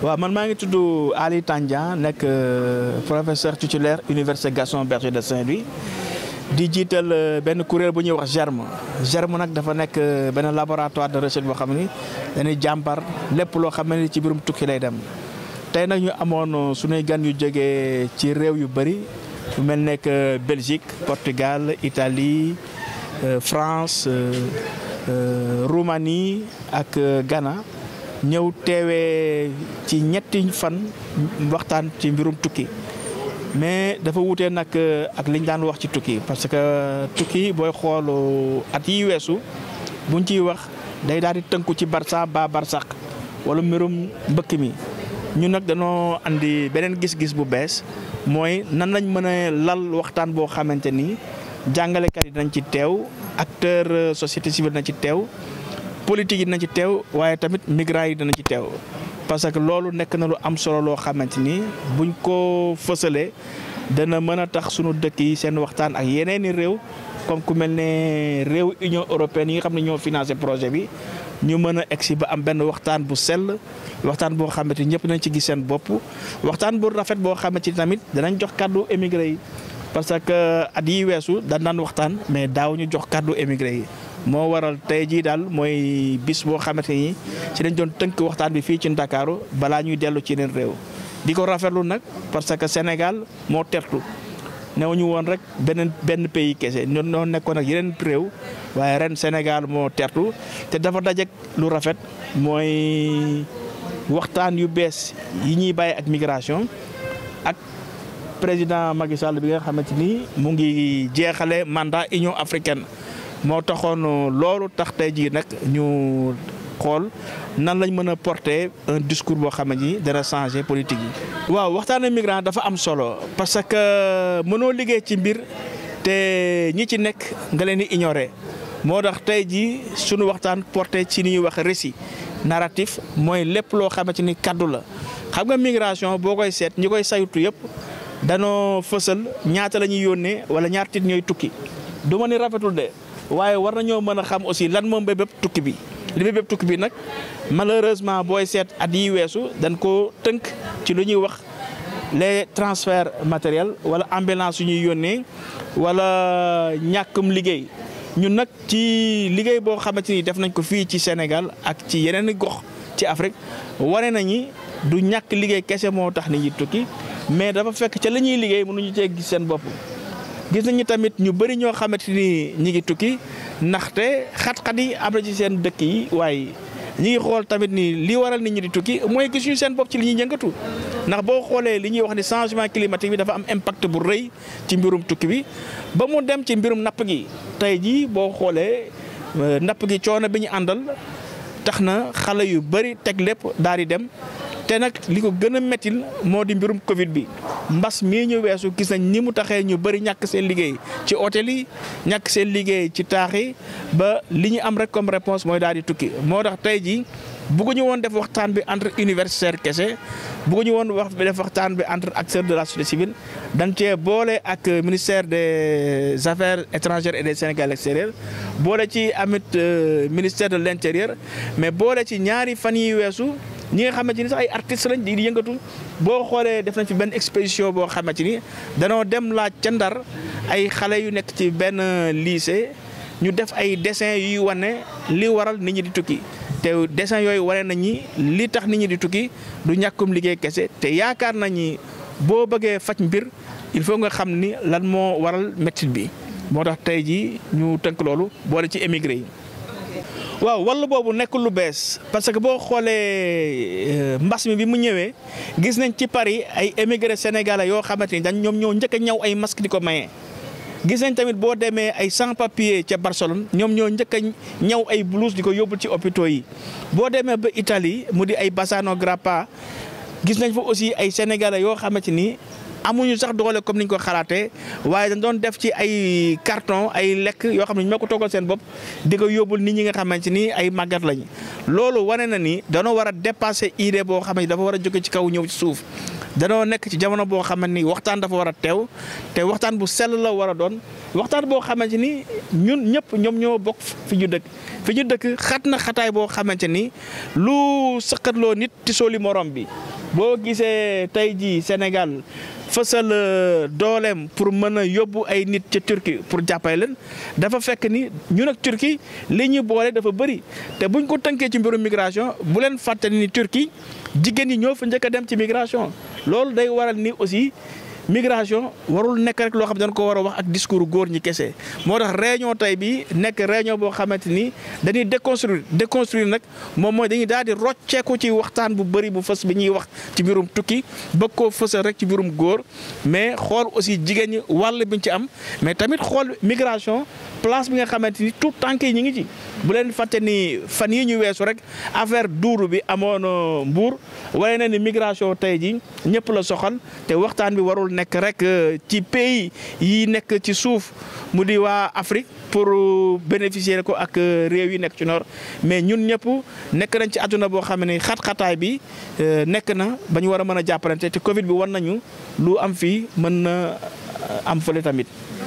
Je man Ali Tandian euh, professeur titulaire université Gasson Berger de Saint-Louis Digital un euh, benn bu ñu wax germe germe nak dafa euh, laboratoire de recherche de xamni jampar lepp lo xamni ci birum tukki lay dem tay ñu gan yu jégué ci yu Belgique Portugal Italie France Roumanie ak Ghana ñëw teewee ci ñetti fan waxtaan ci mbirum tukki mais dafa wute nag ak liñ daan wax ci tukki parce que tukki booy xoolu at yi weesu buñ ciy wax day daal di tënku ci barsa ba barsax wala mbirum mbëkk mi ñu nag dañoo andi beneen gis-gis bu bees mooy nan lañ mën a lal waxtaan boo xamante ni jàngalekat yi nañ ci teew acteur société civile nañ ci teew politique yi nañ ci teew waaye tamit migrants yi dina ci teew parce que loolu nekk na lu am solo loo xamante ni buñ ko fësalee dana mën a tax sunu dëkk yi seen waxtaan ak yeneen i réew comme ku mel ne réew Union européenne yi nga xam ne ñoo financé projet bi ñu mën a egsi ba am benn waxtaan bu sell waxtaan boo xamante ni ñëpp nañ ci gis seen bopp waxtaan bu rafet boo xamante ni tamit danañ jox kàddu émigré yi parce que at yi weesu dañ daan waxtaan mais daaw ñu jox kàddu émigré yi. moo waral tey jii daal mooy bis boo xamante ni ci lañ doon tënk waxtaan bi fii ci Ndakaaru balaa ñuy dellu ci yeneen réew di ko rafetlu nak, parce que Sénégal moo tertu new ñu woon rek beneen benn pays kese ñun ñoo nekkoon ak yeneen réew ren Senegal mo tertu te dafa dajek lu rafet mooy waxtaan yu bees yi ñuy bàyyi ak migration ak président Macky Sall bi nga xamante ni mu ngi mandat Union africaine moo taxoon euh, loolu tax tey jii nag ñu xool nan lañ mën a porter un discours boo xam ne ni dana changer politique yi. waaw waxtaane migrant dafa am solo parce que euh, mënoo liggéey ci mbir te ñi ci nekk nga leen di ignorer moo tax tey jii sunu waxtaan porté ci li ñuy wax récit narratif mooy lépp loo xamante ni kaddu la xam nga migration boo koy seet ñi koy saytu yëpp danoo fësal ñaata la ñuy yónnee wala ñaar tit ñooy tukki du ma ni rafetul de. waaye war nañoo mën a xam aussi lan moom bébéb tukki bi li bébéb tukki bi nag malheureusement booy seet at yi weesu dañ ko tënk ci lu ñuy wax les transferts matériels wala ambulance yu ñuy yónnee wala ñàkkum liggéey ñun nag ci liggéey boo xamante ni def nañ ko fii ci Sénégal ak ci yeneen gox ci Afrique wane nañi du ñàkk liggéey kese moo tax nit ñi tukki mais dafa fekk ca la ñuy liggéey mënuñu cee gis seen bopp gis nañu tamit ñu bëri ñoo xamante ni ñi ngi tukki ndaxte xat-xat yi ab na ci seen dëkk yi waaye ñi ngi xool tamit nii li waral nit ñu di tukki mooy gisuñu seen bopp ci li ñuy yëngatu ndax boo xoolee li ñuy wax ni changement climatique bi dafa am impact bu rëy ci mbirum tukki bi ba mu dem ci mbirum napp gi tey jii boo xoolee euh, napp gi coono bi ñu àndal tax na xale yu bëri teg lépp daal di dem te nag li ko gën a mettil moo di mbirum Covid bi mbas mii ñu weesu gis nañ ni mu taxee ñu bëri ñàkk seen liggéey ci hôtel yi ñàkk seen liggéey ci taax yi ba li ñu am rek comme réponse mooy daal di tukki moo tax tey jii bëgguñu woon def waxtaan bi entre universitaire kese bëgguñu woon wax def waxtaan bi entre acteurs de la société civile dañ cee boole ak ministère de affaires étrangères et des Sénégalais extérieurs boole ci amit euh, ministère de l' intérieur mais boole ci ñaari fan yi weesu. ñi nga xamante ni sax ay artistes lañ di yëngatu boo xoolee def nañ ci benn exposition boo xamante ni danoo dem laaj ca Ndar ay xale yu nekk ci benn lycée ñu def ay dessin yuy wane li waral nit ñi di tukki te dessin yooyu wane nañi li tax nit ñi di tukki du ñàkkum liggéey kese te yaakaar nañ ni boo bëggee faj mbir il faut nga xam ni lan moo waral métit bi moo tax tey jii ñu tënk loolu boole ci émigré yi. waaw wàllu boobu nekk lu bees parce que boo xoolee euh, mbas mi bi mu ñëwee gis nañ ci Paris ay émigré sénégalais yoo xamante ni dañ ñoom ñoo njëkk a ñaw ay masque di ko maye. gis nañ tamit boo demee ay sans papier ca Barcelone ñoom ñoo njëkk a ñaw ay blouse di ko yóbbul ci hôpitaux yi boo demee ba Italie mu di ay Bassano Grappa gis nañ fa aussi ay sénégalais yoo xamante nii amuñu sax doole comme ni ñu ko xalaatee waaye dañ doon def ci ay carton ay lekk yoo xam ne ñoo ko toggal seen bopp di ko yóbbul nit ñi nga xamante ni ay màggat lañ loolu wane na ni danoo war a dépasser idée boo xam ne dafa war a jóge ci kaw ñëw ci suuf danoo nekk ci jamono boo xamante ni waxtaan dafa war a teew te waxtaan bu sell la war a doon waxtaan boo xamante ni ñun ñëpp ñoom ñoo bokk fi ñu dëkk fi ñu dëkk xat na xataay boo xamante ni lu sëqatloo nit ti sooli bi boo gisee tey jii Sénégal fësal euh, dooleem pour mën a yóbbu ay nit ca Turquie pour jàppale leen dafa fekk ni ñun ak Turquie li ñu boole dafa bëri te buñ ko tënkee ci mbirum migration bu leen fàttali ni Turquie jigéen ñi ñoo fa njëkk a dem ci migration loolu day waral ni aussi. migration warul nekk rek loo xam ne dañ ko war a wax ak discours góor ñi kese moo tax réunion tey bi nekk réunion boo xamante ni dañuy déconstruire déconstruire nag moom mooy dañuy daal di rocceeku ci waxtaan bu bëri bu fës bi ñuy wax ci biirum tukki bëgg koo fësal rek ci mbirum góor mais xool aussi jigéen ñi wàll biñ ci am mais tamit xool migration place bi nga xamante ni tout tànk yi ñu ngi ci bu leen fàtte nii fan yi ñu weesu rek affaire duuru bi amoon euh, mbuur wane na ni migration tey ji ñëpp la soxal waxtaan bi warul nekk rek euh, ci pays yi nekk ci suuf mu di waa Afrique pour euh, bénéficier ko ak euh, réew yi nekk ci nord mais ñun ñëpp nekk nañ ci àdduna boo xam ne xat-xataay bi nekk na ba ñu war a mën a jàppalante te Covid bi war nañu lu am fii mën na am fële tamit.